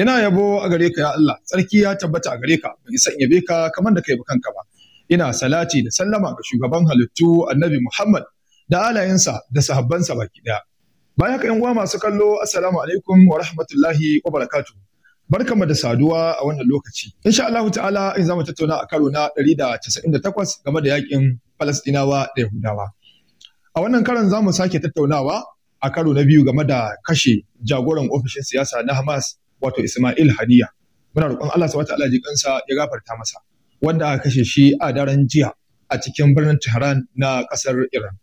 ina yabo a gare ka ya Allah tsarki ya tabbata a gare ka bai san yabe ka kamar da kai ba kanka ba ina salati da sallama ga shugaban halittu annabi Muhammad da alayensa da sahabbansa baki daya bayan ka yan uwa masu kallo assalamu alaikum wa rahmatullahi wa barakatuh barkamu da saduwa a wannan lokaci insha Allah ta'ala in zamu tattauna a karo na 198 game da yakin Falastinawa da Yahudawa a wannan karon zamu sake tattaunawa a karo na biyu game da kashe jagoran ofishin siyasa na Hamas wato Ismail Haniya muna roƙon Allah subhanahu wataala ji kansa ya gafarta masa wanda aka kashe shi a daren jiya a cikin birnin Tehran na ƙasar Iran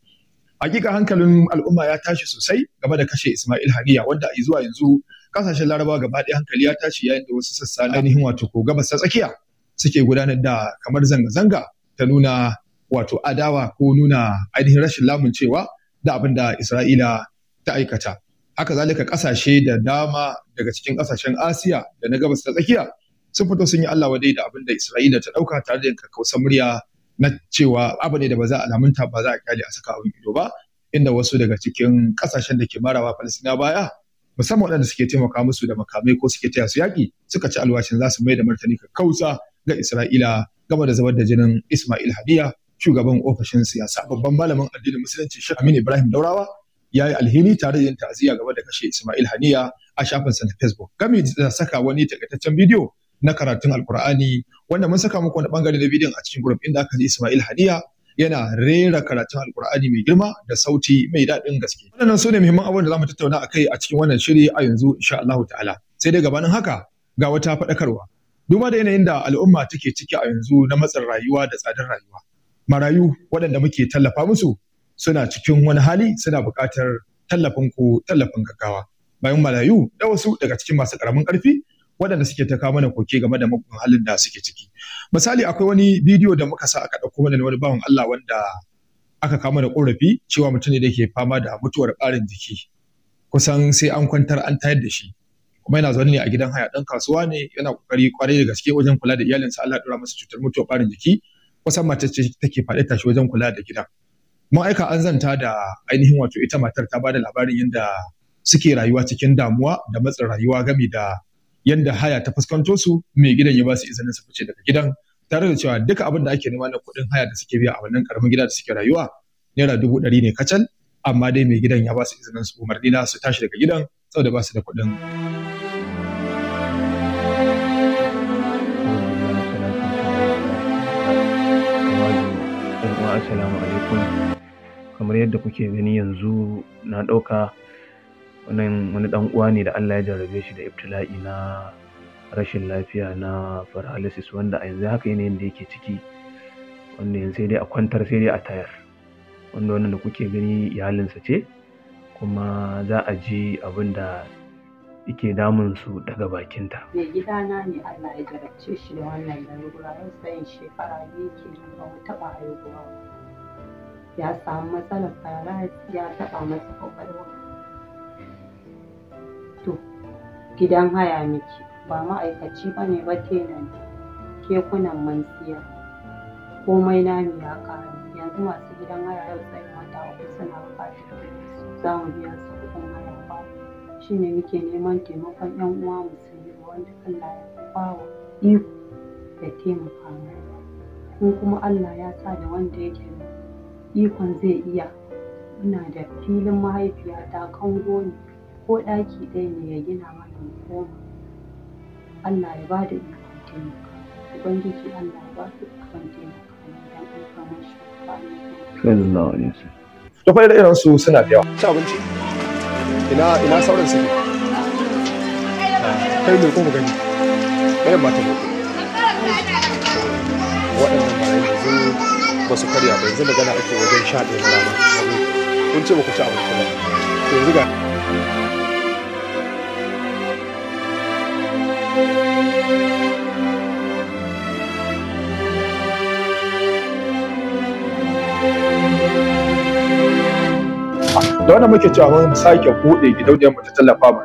hakika hankalin al'umma ya tashi sosai game da kashe Ismail Haniya wanda a zuwa yanzu kasashen Laraba gaba ɗaya hankali ya tashi yayin da wasu sassa na ainihin wato ko gabas ta tsakiya suke gudanar da kamar zanga-zanga ta nuna wato adawa ko nuna ainihin rashin lamuncewa da abin da Isra'ila ta aikata. haka zalika kasashe da dama daga cikin kasashen asiya da na gabas ta tsakiya sun fito sun yi allah wadai da abin da isra'ila ta dauka tare da kakkausar murya na cewa abu ne da ba za a lamunta ba za a kyale a saka abin ido ba inda wasu daga cikin kasashen da ke marawa falasina baya musamman waɗanda suke taimaka musu da makamai ko suke taya su yaki, suka ci alwashin za su mai da martani kakkausa ga isra'ila game da zubar da jinin ismail hadiya shugaban ofishin siyasa babban malamin addinin musulunci Sheikh aminu ibrahim daurawa ya yi alheri tare da yin ta'aziyya game da kashe Ismail Haniya a shafinsa na Facebook. Gami da saka wani takaitaccen bidiyo na karatun Alkur'ani wanda mun saka muku wani bangare na bidiyon a cikin group inda aka ji Ismail Haniya yana rera karatun Alkur'ani mai girma da sauti mai daɗin gaske. Wannan su ne muhimman abin da za mu tattauna kai a cikin wannan shiri a yanzu insha ta'ala. Sai dai gabanin haka ga wata faɗakarwa. Duba da yanayin da al'umma take ciki a yanzu na matsin rayuwa da tsadar rayuwa. Marayu waɗanda muke tallafa musu suna cikin wani hali suna buƙatar tallafin ku tallafin gaggawa bayan malayu da wasu daga cikin masu karamin karfi waɗanda suke ta kawo mana koke game da mugun halin da suke ciki misali akwai wani bidiyo da muka sa aka ɗauko mana wani bawan Allah wanda aka kawo mana ƙorafi cewa mutum ne da ke fama da mutuwar ƙarin jiki kusan sai an kwantar an tayar da shi kuma yana zaune ne a gidan haya ɗan kasuwa ne yana ƙoƙari kwarai da gaske wajen kula da iyalinsa Allah ya dora masa cutar mutuwar ƙarin jiki kusan mace ce take faɗi tashi wajen kula da gidan ma'aika an zanta da ainihin wato ita matar ta ba da labarin yadda suke rayuwa cikin damuwa da matsin rayuwa game da yadda haya ta fuskanto su mai gidan ya ba su izinin su fice daga gidan tare da cewa duka abin da ake nema na kuɗin haya da suke biya a wannan karamin gida da suke rayuwa naira dubu ɗari ne kacal amma dai mai gidan ya ba su izinin su umarni na su tashi daga gidan saboda ba su da kuɗin Assalamu alaikum. kamar yadda kuke gani yanzu na ɗauka wannan wani ɗan uwa ne da Allah ya jarrabe shi da ibtila'i na rashin lafiya na paralysis wanda a yanzu haka yanayin da yake ciki wanda yanzu sai dai a kwantar sai dai a tayar wanda wannan da kuke gani iyalinsa ce kuma za a ji abin da yake damun su daga bakinta. Mai gidana ne Allah ya jarabce shi da wannan lalura yau sayin shekara biyu ke ba mu taɓa haihuwa ba. ya samu matsalar fara ya taɓa masa kwakwalwa to gidan haya miki ba ma'aikaci ba ne ba kenan kekunan man siya komai na ya ƙare yanzu masu gidan haya yau sai wata uku suna buƙatar za mu biya su kuɗin haya ba shi ne muke neman taimakon 'yan uwa musulmi wanda Allah ya bawa iko da taimaka mana in kuma Allah ya sa da wanda yake ikon zai iya ina da filin mahaifiyata kango ne ko ɗaki ɗaya ne ya gina mana koma Allah ya ba da ikon taimaka ubangiji Allah ya ba su ikon taimaka don aika mashi sallallahu alaihi wasallam to fa irin su suna da yawa ci abinci ina ina sauran su kai ne ko mu gani irin ba ta waɗannan ba ba su karya ba yanzu magana ake wajen sha ɗaya na ba ci abinci ba yanzu da wanda muke cewa mun sake buɗe gidauniyar mu ta tallafa mu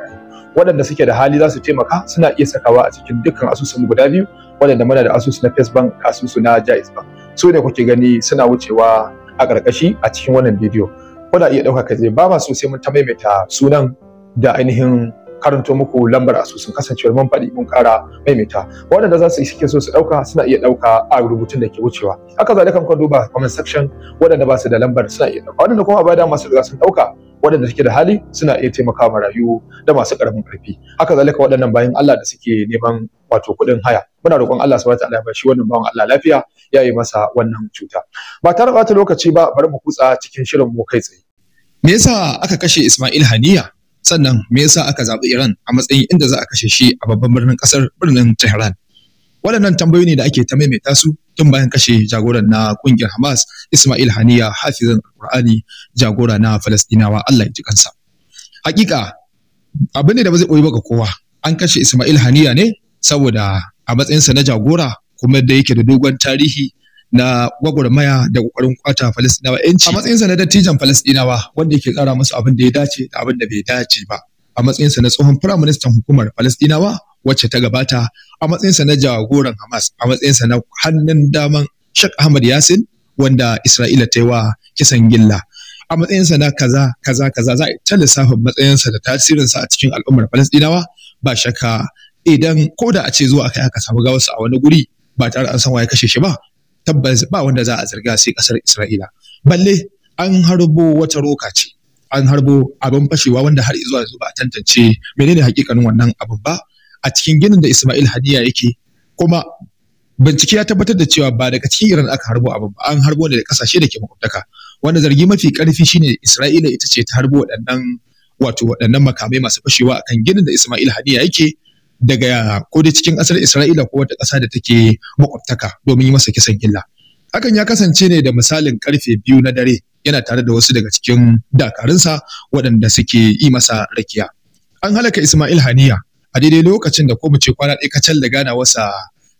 waɗanda suke da hali za su taimaka suna iya sakawa a cikin dukkan asusun guda biyu waɗanda muna da asusu na facebook Bank asusu na Jaiz Bank su ne kuke gani suna wucewa a ƙarƙashi a cikin wannan bidiyo kuna iya ɗauka je ba ma so sai mun ta maimaita sunan da ainihin karanto muku lambar asusun kasancewar mun faɗi mun ƙara maimaita waɗanda za su yi suke so su ɗauka suna iya ɗauka a rubutun da ke wucewa haka zalika kan duba comment section waɗanda ba su da lambar suna iya ɗauka waɗanda kuma ba da masu riga sun ɗauka waɗanda suke da hali suna iya taimaka marayu da masu ƙaramin ƙarfi haka zalika waɗannan bayan Allah da suke neman wato kuɗin haya muna roƙon Allah subhanahu wataala ya bashi wannan bawan Allah lafiya ya yi masa wannan cuta ba tare da lokaci ba bari mu kutsa cikin shirin mu kai tsaye me yasa aka kashe Ismail Haniya sannan me yasa aka zaɓi Iran a matsayin inda za a kashe shi a babban birnin ƙasar birnin Tehran waɗannan tambayoyi ne da ake ta maimaita su tun bayan kashe jagoran na kungiyar Hamas Ismail Haniya hafizan Qur'ani jagora na Falastinawa Allah ya ji kansa hakika abin da ba zai koyi baka kowa an kashe Ismail Haniya ne saboda a matsayinsa na jagora kuma da yake da dogon tarihi na gwagwarmaya da kokarin kwata Falastinawa yanci a matsayinsa na dattijan Falastinawa wanda yake tsara musu abin da ya dace da abin da bai dace ba a matsayinsa na tsohon firaministan hukumar Falastinawa wacce ta gabata a matsayinsa na jagoran Hamas a matsayinsa na hannun daman Sheikh Ahmad Yasin wanda Isra'ila ta yi wa kisan gilla a matsayinsa na kaza kaza kaza za a ta lissafin matsayinsa da tasirinsa a cikin al'ummar Falasɗinawa ba shakka idan ko da a ce zuwa kai aka samu gawarsa a wani guri ba tare an san waye kashe shi ba tabbas ba wanda za a zarga sai kasar Isra'ila balle an harbo wata roka ce an harbo abin fashewa wanda har zuwa yanzu ba a tantance menene hakikanin wannan abin ba a cikin ginin da Ismail Haniya yake kuma bincike ya tabbatar da cewa ba daga cikin Iran aka harbo abin an harbo ne da kasashe da ke makwabtaka wanda zargi mafi karfi shine Isra'ila ita ce ta harbo waɗannan wato waɗannan makamai masu fashewa akan ginin da Ismail Haniya yake daga ko dai cikin ƙasar Isra'ila ko wata ƙasa da take makwabtaka domin yi masa kisan gilla hakan ya kasance ne da misalin karfe biyu na dare yana tare da wasu daga cikin dakarunsa waɗanda suke yi masa rakiya an halaka Ismail Haniya a daidai lokacin da ko mu ce kwana ɗaya kacal da gana wasa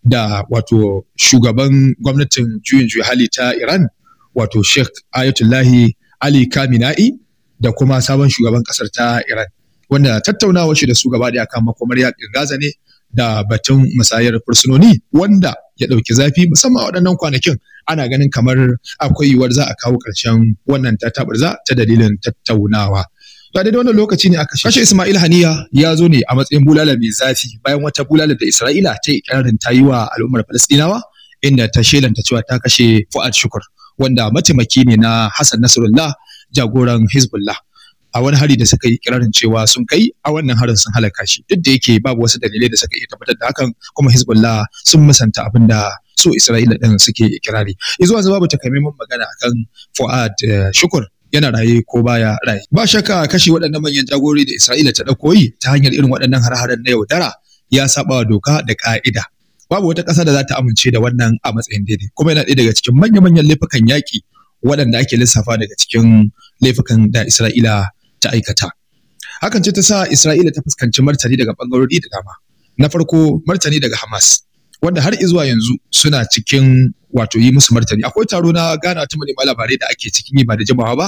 da wato shugaban gwamnatin juyin juya hali ta Iran wato Sheikh Ayatullahi Ali Kamina'i da kuma sabon shugaban kasar ta Iran wanda tattaunawa shi da su gaba ɗaya kan makomar yakin Gaza ne da batun musayar fursunoni wanda ya ɗauki zafi musamman a waɗannan kwanakin ana ganin kamar akwai yiwuwar za a kawo ƙarshen wannan za ta dalilin tattaunawa a daidai wannan lokaci ne aka kashe Ismail Haniya ya zo ne a matsayin bulala mai zafi bayan wata bulala da Isra'ila ta yi ikirarin ta yi wa al'ummar Falastinawa inda ta shelanta cewa ta kashe Fuad Shukur wanda mataimaki ne na Hassan Nasrullah jagoran Hezbollah a wani hari da suka yi kirarin cewa sun kai a wannan harin sun halaka shi duk da yake babu wasu dalilai da suka iya tabbatar da hakan kuma Hezbollah sun musanta abin da su Isra'ila din suke ikirari. Izuwa zuwa babu takamaiman magana akan Fuad eh, Shukur yana raye ko baya raye ba shakka kashe waɗannan manyan jagorori da Isra'ila ta ɗauko yi ta hanyar irin waɗannan har-haren na yaudara ya saba wa doka da ƙa'ida babu wata ƙasa da za ta amince da wannan a matsayin daidai kuma yana ɗaya daga cikin manya-manyan laifukan yaƙi waɗanda ake lissafa daga cikin laifukan da Isra'ila ta aikata hakan ce ta sa Isra'ila ta fuskanci martani daga ɓangarori da dama na farko martani daga Hamas wanda har izuwa yanzu suna cikin wato yi musu martani akwai taro na gana ta manema labarai da ake cikin yi ba da jama'a ba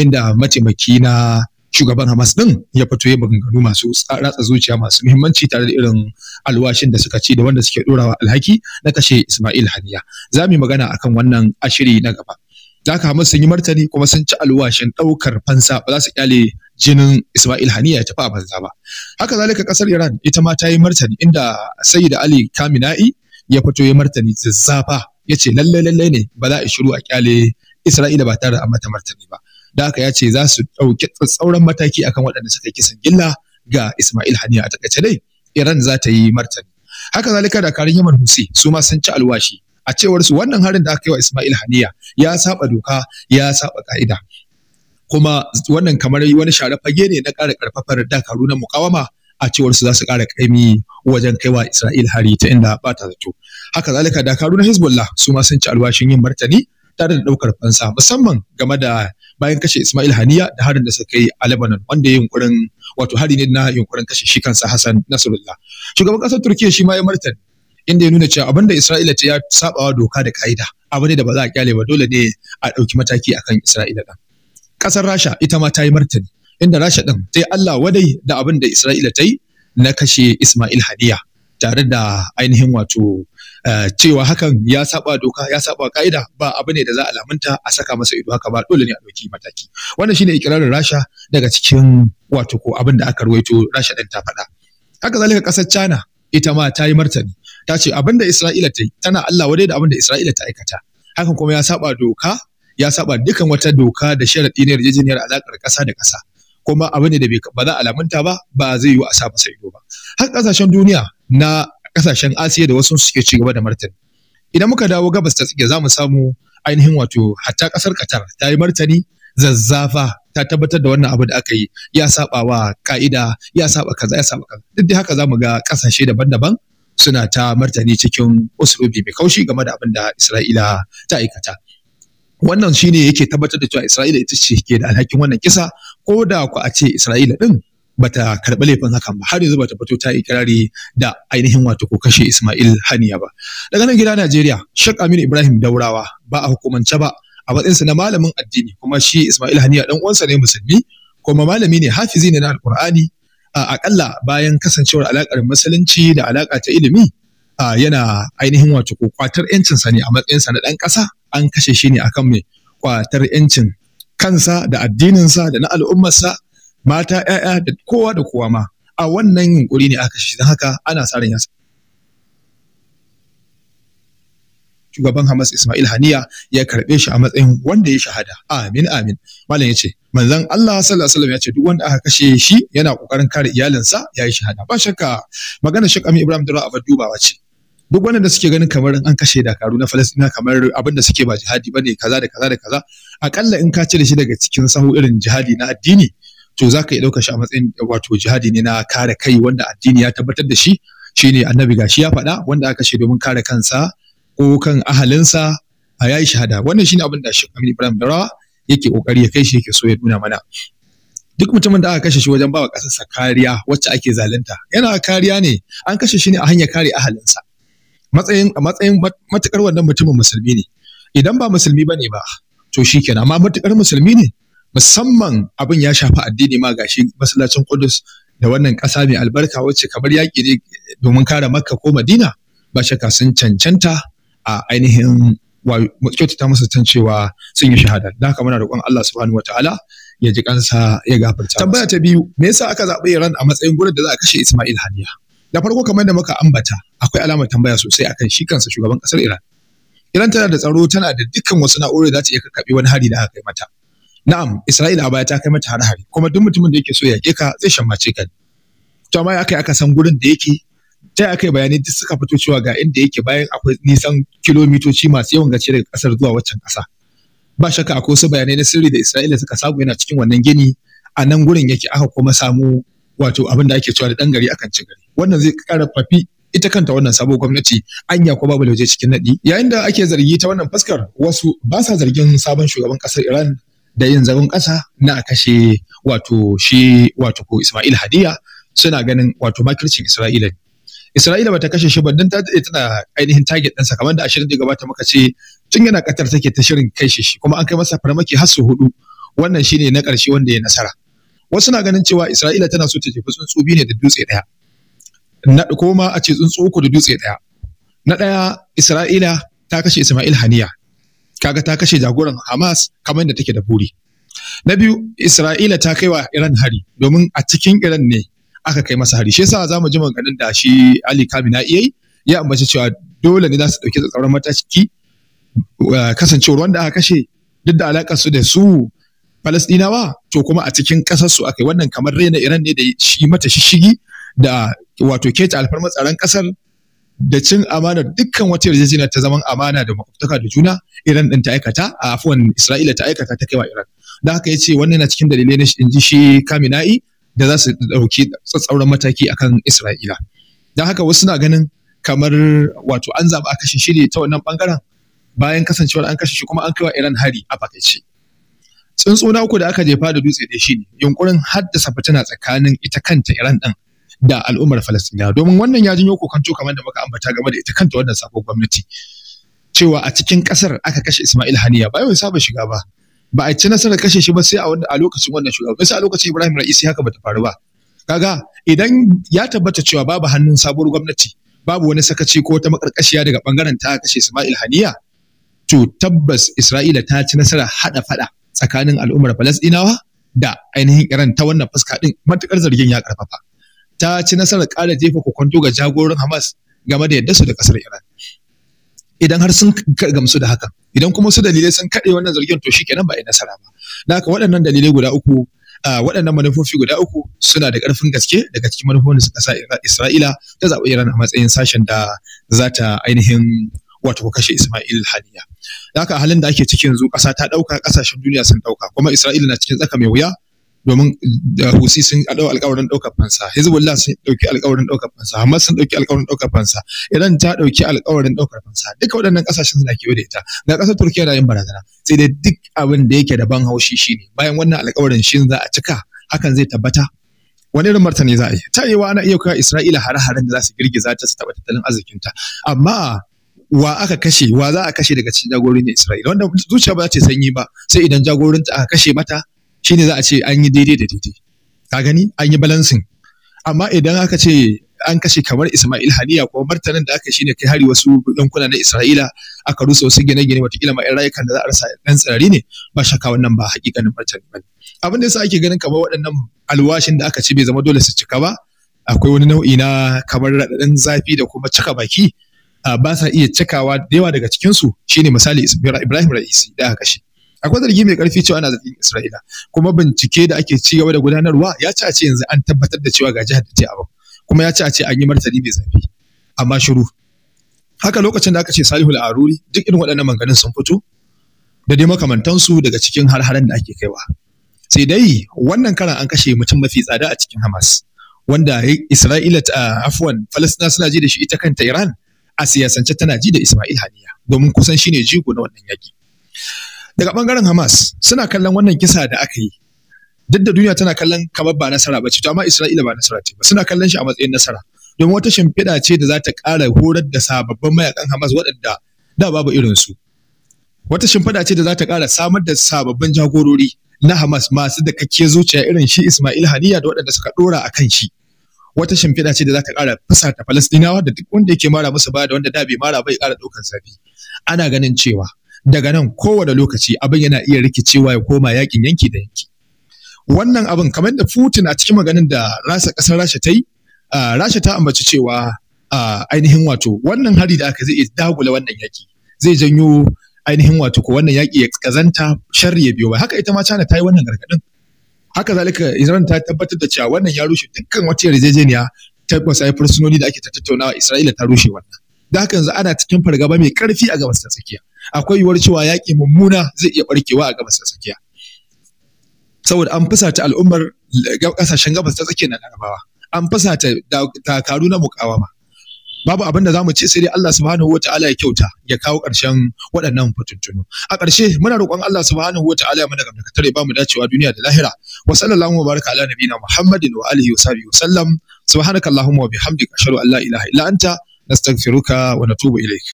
inda mataimaki na shugaban Hamas din ya fito ya maganganu masu ratsa zuciya masu muhimmanci tare da irin alwashin da suka ci da wanda suke dorawa alhaki na kashe Ismail Haniya za mu yi magana akan wannan ashiri na gaba da haka musu sun yi martani kuma sun ci alwashin ɗaukar fansa ba za su kyale jinin Ismail Haniya ya tafi a banza ba haka zalika kasar Iran ita ma ta yi martani inda Sayyid Ali Kamina'i ya fito ya martani zazzafa ya ce lallai lallai ne ba za a shiru a kyale Isra'ila ba tare da mata martani ba da haka ya ce za su ɗauki tsauran mataki akan waɗanda suka yi kisan gilla ga Ismail Haniya a takaice dai Iran za ta yi martani haka zalika da karin Yaman Husi su ma sun ci alwashi a cewar su wannan harin da aka yi wa Ismail Haniya ya saba doka ya saba ka'ida kuma wannan kamar wani share fage ne na ƙara ƙarfafar dakaru na mukawama a cewar su za su ƙara ƙaimi wajen kaiwa Isra'il hari ta inda ba ta zato haka zalika dakaru na Hezbollah su ma sun ci alwashin yin martani tare da ɗaukar fansa musamman game da bayan kashe Ismail Haniya da harin da suka yi a Lebanon wanda ya yunkurin wato hari ne na yunkurin kashe shi kansa Hassan Nasrullah shugaban ƙasar Turkiyya shi ma ya martani inda ya nuna cewa abin da Isra'ila ta ya sabawa doka da ka'ida abu ne da ba za a kyale ba dole ne a ɗauki mataki akan Isra'ila ɗin. Ƙasar Rasha ita ma ta yi martani inda Rasha ɗin ta yi Allah wadai da abin da Isra'ila ta yi na kashe Ismail Haniya tare da ainihin wato eh, cewa hakan ya saba doka ya saba ka'ida ba abu ne da za a lamunta a saka masa ido haka ba dole ne a ɗauki mataki wannan shine ikirarin rasha daga cikin wato ko abin da aka ruwaito rasha ɗin ta faɗa haka zalika ƙasar china ita ma ta yi martani ta ce abin da Isra'ila ta yi tana Allah wadai da da Isra'ila ta aikata hakan kuma ya saba doka ya saba dukan wata doka da sharadi na yarjejeniyar alakar ƙasa da ƙasa kuma abin da ba za a lamunta ba ba zai yi a sa masa ido ba har ƙasashen duniya na ƙasashen Asiya da wasu suke ci gaba da martani idan muka dawo gabas ta tsike, za mu samu ainihin wato hatta ƙasar Qatar ta yi martani zazzafa ta tabbatar da wannan abu da aka yi ya saba wa ka'ida ya saba kaza ya saba kaza duk da haka zamu ga kasashe daban-daban suna ta martani cikin usulubi mai kaushi game da abin da Isra'ila ta aikata. Wannan shine yake tabbatar da cewa Isra'ila ita ce ke da alhakin wannan kisa ko da ku a ce Isra'ila ɗin bata karɓi laifin hakan ba har yanzu bata fito ta yi kirari da ainihin wato ko kashe Ismail Haniya ba. Daga nan gida Najeriya, Sheikh Aminu Ibrahim Daurawa ba a hukumance ba a matsayinsa na malamin addini kuma shi Ismail Haniya dan uwansa ne musulmi kuma malami ne hafizi ne na alkur'ani akalla bayan kasancewar alakar musulunci da alaka ta ilimi yana ainihin wato ko kwatar sa ne a sa na ɗan ƙasa an kashe shi ne akan mai kwatar yancin kansa da addininsa da na al'ummarsa mata 'ya'ya da kowa da kowa ma a wannan yunkuri ne aka shi don haka ana sa ran yasa shugaban Hamas Ismail Haniya ya karbe shi a matsayin wanda ya shahada. Amin amin. Malam ya ce manzon Allah sallallahu alaihi wasallam ya ce duk wanda aka kashe shi yana kokarin kare iyalinsa ya yi shahada. Ba shakka magana Sheikh Ibrahim Dura a dubawa ce. duk wanda suke ganin kamar an kashe dakaru na falastina kamar abin da suke ba jihadi ba ne kaza da kaza da kaza akalla in ka cire shi daga cikin sahu irin jihadi na addini to za ka iya ɗaukar shi a matsayin wato jihadi ne na kare kai wanda addini ya tabbatar da shi shine annabi gashi ya faɗa wanda aka kashe domin kare kansa ko kan ahalinsa a yayi shahada wannan shine abin da Sheikh Amin Ibrahim Darawa yake kokari ya kai shi yake so ya nuna mana duk mutumin da aka kashe shi wajen bawa sa kariya wacce ake zalunta yana kariya ne an kashe shi ne a hanyar kare ahalinsa matsayin matsayin matukar wannan mutumin musulmi ne idan ba musulmi bane ba to shikenan amma matukar musulmi ne musamman abin ya shafi addini ma gashi masallacin Qudus da wannan kasa mai albarka wacce kamar yaƙi ne domin kare Makka ko Madina ba shakka sun cancanta a ainihin kyautata masa can cewa sun yi shahada da haka muna roƙon Allah subhanahu ta'ala ya ji kansa ya gafarta tambaya ta biyu me yasa aka zaɓi Iran a matsayin gurin da za a kashe Ismail Haniya da farko kamar da muka ambata akwai alamar tambaya sosai akan shi kansa shugaban ƙasar Iran Iran tana da tsaro tana da dukkan wasu na'urori da za ta iya kakkaɓe wani hari da aka kai mata na'am Isra'ila a baya ta kai mata hari hari, kuma duk mutumin da yake so ya ka zai shammace ka to amma kai aka san gurin da yake Ta aka yi bayanai duk suka fito cewa ga inda yake bayan akwai nisan kilomitoci masu yawan gace daga kasar zuwa waccan kasa ba shakka akwai wasu bayanai na sirri da Isra'ila suka samu yana cikin wannan gini a nan gurin yake aka kuma samu wato abin da ake cewa da dan gari akan ci gari wannan zai kara fafi ita kanta wannan sabon gwamnati anya ko babu lauje cikin nadi yayin da ake zargi ta wannan fuskar wasu ba sa zargin sabon shugaban kasar Iran da yin zagon kasa na a kashe wato shi wato ko Ismail Hadiya suna ganin wato makircin Isra'ila ne Isra'ila bata kashe shi ba dan ta tana ainihin target ɗinsa kamar da ashirin da gabata muka ce tun yana katar take ta shirin kashe shi kuma an kai masa farmaki har su hudu wannan shine na ƙarshe wanda ya nasara. Wasu na ganin cewa Isra'ila tana so ta jefi tsuntsu biyu ne da dutse ɗaya. Na ko ma a ce tsuntsu uku da dutse ɗaya. Na ɗaya Isra'ila ta kashe Ismail Haniya. Kaga ta kashe jagoran Hamas kamar da take da buri. Na biyu Isra'ila ta kai wa Iran hari domin a cikin Iran ne aka kai masa hari shi yasa za mu ji maganin da shi Ali Kamina yayi ya ambaci cewa dole ne za su dauki tsatsauran mataki eh, kasancewar wanda aka kashe duk da alakar su da su Falasɗinawa to kuma a cikin kasar su akai wannan kamar raina Iran ne da shi mata shishigi da wato keta alfarma tsaron ƙasar da cin amanar dukkan wata yarjejeniya ta zaman amana da makwabtaka da juna Iran din ta aikata a afuwan Isra'ila ta aikata ta kaiwa Iran da haka yace wannan na cikin dalilai na shi Kamina'i da za su ɗauki tsatsauran mataki a kan Isra'ila. Don haka wasu na ganin kamar wato an zaɓa a kashe shi ne ta wannan ɓangaren bayan kasancewar an kashe shi kuma an kaiwa Iran hari a fakaice. Tsuntsuna uku da aka jefa da dutse da shi ne yunkurin haddasa fitina tsakanin ita kanta Iran ɗin da al'ummar Falastina domin wannan ya janyo kokanto kamar da muka ambata game da ita kanta wannan sabon gwamnati cewa a cikin ƙasar aka kashe Ismail Haniya ba yau saba shiga ba ba a ci nasarar kashe shi ba sai a lokacin wannan shugaban sai a lokacin Ibrahim Ra'isi haka bata faru ba kaga idan ya tabbata cewa babu hannun sabuwar gwamnati babu wani sakaci ko wata makarkashiya daga bangaren ta kashe Ismail Haniya to tabbas Isra'ila ta ci nasarar hada fada tsakanin al'ummar Falasɗinawa da ainihin Iran ta wannan fuska din matukar zargin ya karfafa ta ci nasarar ƙara jefa kokonto ga jagororin Hamas game da yadda su da kasar Iran idan har sun gamsu da hakan idan kuma su dalilai sun kaɗe wannan zargin to shikenan ba a yi nasara ba na haka waɗannan dalilai guda uku waɗannan manufofi guda uku suna da ƙarfin gaske daga cikin manufofin da suka sa Isra'ila ta zaɓi Iran a matsayin sashen da za ta ainihin wato kashe Ismail Haniya. Da haka halin da ake cikin yanzu ƙasa ta ɗauka ƙasashen duniya sun ɗauka kuma Isra'ila na cikin tsaka mai wuya domin da husi sun dau alƙawarin ɗaukar fansa hezbollah sun ɗauki alƙawarin ɗaukar fansa hamas sun ɗauki alƙawarin ɗaukar fansa iran ta ɗauki alƙawarin ɗaukar fansa duka waɗannan ƙasashen suna kewaye da ita ga ƙasar turkiya da yin barazana sai dai duk abin da yake da ban haushi shine bayan wannan alƙawarin shin za a cika hakan zai tabbata wani irin martani za a yi ta yiwa ana iya kawo isra'ila hare-haren da za su girgiza ta su taɓa tattalin arzikinta amma wa aka kashe wa za a kashe daga cikin na isra'ila wanda zuciya ba za ta sanyi ba sai idan jagorinta aka kashe mata shine za a ce an yi daidai da daidai ka gani an yi balansin amma idan aka ce an kashe kamar Ismail Haniya ko martanin da aka shine kai hari wasu yankuna na Isra'ila aka rusa wasu gine-gine watakila ma rayukan da za a rasa ɗan tsirari ne ba shakka wannan ba hakikanin martani ba abin da yasa ake ganin kamar waɗannan alwashin da aka ce bai zama dole su cika ba akwai wani nau'i na kamar raɗaɗin zafi da kuma cika baki ba sa iya cikawa da yawa daga cikinsu shine misali Ibrahim Ra'isi da aka kashe akwai zargi mai karfi cewa ana zargin Isra'ila kuma bincike da ake ci gaba da gudanarwa ya ci a ce yanzu an tabbatar da cewa ga jihar da ta abu kuma ya ci a ce an yi martani mai zafi amma shiru haka lokacin da aka ce Salihu Aruri duk irin waɗannan maganganun sun fito da dai makamantansu daga cikin har-haren da ake kaiwa sai dai wannan karan an kashe mutum mafi tsada a cikin Hamas wanda Isra'ila ta ah, afwan Falastina suna ji da shi ita kanta Iran a siyasance tana ji da Ismail Haniya domin kusan shine jigo na wannan yaki daga bangaren Hamas suna kallon wannan kisa da aka yi duk da duniya tana kallon kamar ba nasara ba ce to amma Isra'ila ba nasara ce ba suna kallon shi a matsayin nasara domin wata shimfiɗa ce da za ta ƙara horar da sababbin mayakan Hamas waɗanda da babu irin su wata shimfiɗa ce da za ta ƙara samar da sababbin jagorori na Hamas masu da kake zuciya irin shi Ismail Haniya da waɗanda suka ɗora a kan shi wata shimfiɗa ce da za ta ƙara fusata Falastinawa da duk wanda yake mara musu baya da wanda da bai mara bai ƙara ɗaukar zafi ana ganin cewa daga nan kowane lokaci abin yana iya rikicewa ya koma yakin yanki da yanki wannan abin kamar da Putin a cikin maganin da rasa kasar Rasha ta yi Rasha ta ambaci cewa ainihin wato wannan hari da aka zai iya dagula wannan yaki zai janyo ainihin wato ko wannan yaki ya kazanta sharri ya biyo ba haka ita ma China ta yi wannan gargadin haka zalika Iran ta tabbatar da cewa wannan ya rushe dukkan wata yarjejeniya ta kwasai fursunoni da ake tattaunawa Isra'ila ta rushe wannan da haka yanzu ana cikin fargaba mai karfi a gabas ta tsakiya akwai yiwuwar cewa yaƙi mummuna zai iya barkewa a gabas ta tsakiya saboda an fusata al'ummar ƙasashen gabas ta tsakiya na larabawa an fusata takaru na mukawama babu abin da mu ce sai dai Allah subhanahu wataala ya kyauta ya kawo ƙarshen waɗannan fatuntunu. a ƙarshe muna roƙon Allah subhanahu wataala ya mana gamdakatar ya bamu dacewa duniya da lahira wa sallallahu wa baraka ala nabiyina muhammadin wa alihi wa sahbihi wa sallam subhanakallahumma wa bihamdika ashhadu an la ilaha illa anta nastaghfiruka wa natubu ilaik